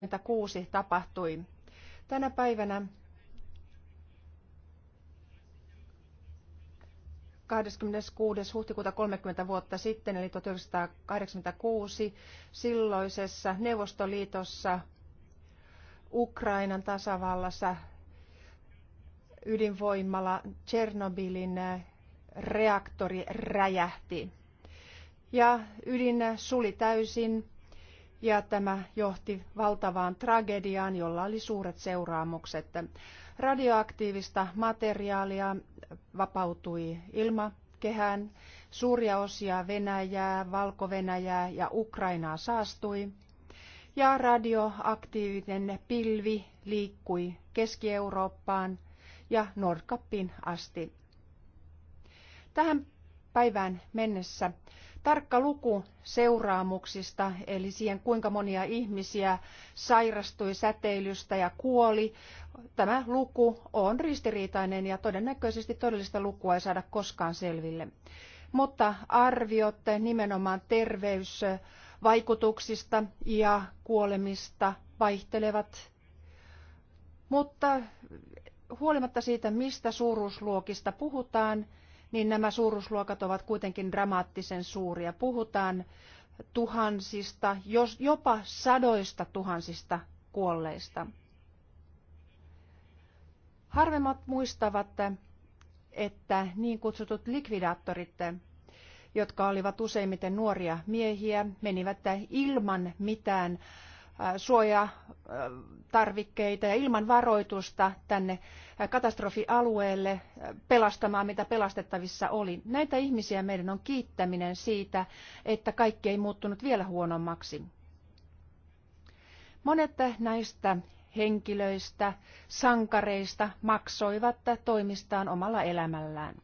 1996 tapahtui. Tänä päivänä 26. huhtikuuta 30 vuotta sitten, eli 1986, silloisessa Neuvostoliitossa Ukrainan tasavallassa ydinvoimala Tchernobylin reaktori räjähti. Ja ydin suli täysin ja tämä johti valtavaan tragediaan, jolla oli suuret seuraamukset. Radioaktiivista materiaalia vapautui ilmakehään, suuria osia Venäjää, Valko-Venäjää ja Ukrainaa saastui, ja radioaktiivinen pilvi liikkui Keski-Eurooppaan ja Nordkappiin asti. Tähän päivään mennessä tarkka luku seuraamuksista, eli siihen kuinka monia ihmisiä sairastui säteilystä ja kuoli. Tämä luku on ristiriitainen ja todennäköisesti todellista lukua ei saada koskaan selville. Mutta arviot nimenomaan terveysvaikutuksista ja kuolemista vaihtelevat. Mutta huolimatta siitä, mistä suuruusluokista puhutaan, niin nämä suuruusluokat ovat kuitenkin dramaattisen suuria. Puhutaan tuhansista, jos jopa sadoista tuhansista kuolleista. Harvemmat muistavat, että niin kutsutut likvidaattorit, jotka olivat useimmiten nuoria miehiä, menivät ilman mitään suojatarvikkeita ja ilman varoitusta tänne katastrofialueelle pelastamaan, mitä pelastettavissa oli. Näitä ihmisiä meidän on kiittäminen siitä, että kaikki ei muuttunut vielä huonommaksi. Monet näistä henkilöistä, sankareista maksoivat toimistaan omalla elämällään.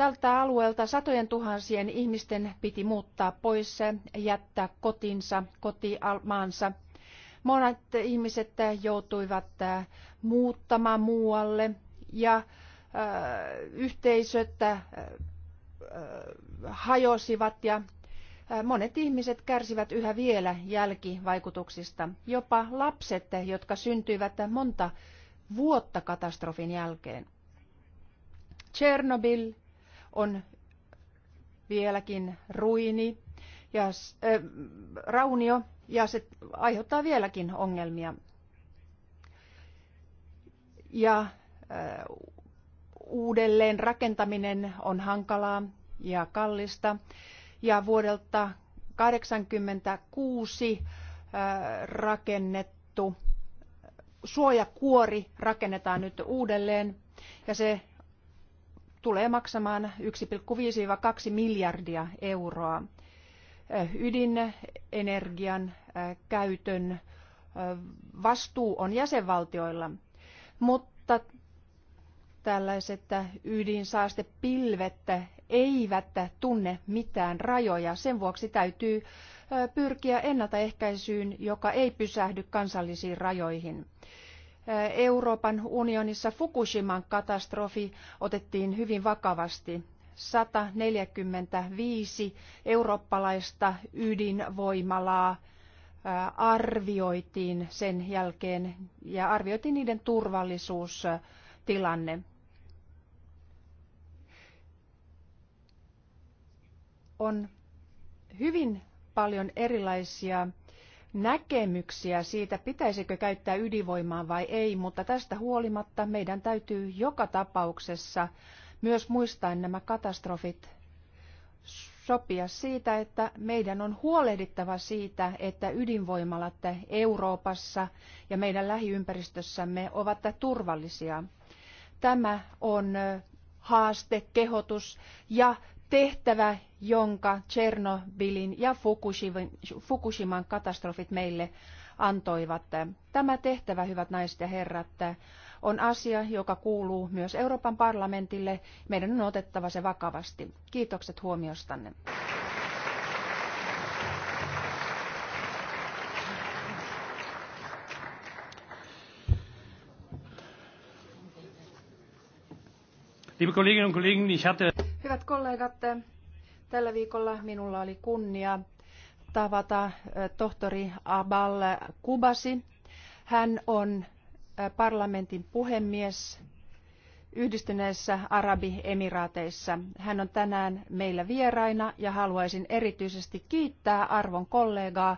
Tältä alueelta satojen tuhansien ihmisten piti muuttaa pois, jättää kotinsa, kotimaansa. Monet ihmiset joutuivat äh, muuttamaan muualle ja äh, yhteisöt äh, hajosivat ja monet ihmiset kärsivät yhä vielä jälkivaikutuksista. Jopa lapset, jotka syntyivät monta vuotta katastrofin jälkeen. Chernobyl on vieläkin ruini ja äh, raunio ja se aiheuttaa vieläkin ongelmia. Ja äh, uudelleen rakentaminen on hankalaa ja kallista. Ja vuodelta 1986 äh, rakennettu suojakuori rakennetaan nyt uudelleen ja se tulee maksamaan 1,5-2 miljardia euroa ydinenergian käytön vastuu on jäsenvaltioilla, mutta tällaiset ydinsaastepilvet eivät tunne mitään rajoja. Sen vuoksi täytyy pyrkiä ennaltaehkäisyyn, joka ei pysähdy kansallisiin rajoihin. Euroopan unionissa Fukushiman katastrofi otettiin hyvin vakavasti. 145 eurooppalaista ydinvoimalaa arvioitiin sen jälkeen ja arvioitiin niiden turvallisuustilanne. On hyvin paljon erilaisia näkemyksiä siitä, pitäisikö käyttää ydinvoimaa vai ei, mutta tästä huolimatta meidän täytyy joka tapauksessa myös muistaen nämä katastrofit sopia siitä, että meidän on huolehdittava siitä, että ydinvoimalat Euroopassa ja meidän lähiympäristössämme ovat turvallisia. Tämä on haaste, kehotus ja tehtävä, jonka Chernobylin ja Fukushiman katastrofit meille antoivat. Tämä tehtävä, hyvät naiset ja herrat, on asia, joka kuuluu myös Euroopan parlamentille. Meidän on otettava se vakavasti. Kiitokset huomiostanne. Liebe Kolleginnen und Kollegen, ich hatte Hyvät kollegat, tällä viikolla minulla oli kunnia tavata tohtori Abal Kubasi. Hän on parlamentin puhemies Yhdistyneissä Arabiemiraateissa. Hän on tänään meillä vieraina ja haluaisin erityisesti kiittää arvon kollegaa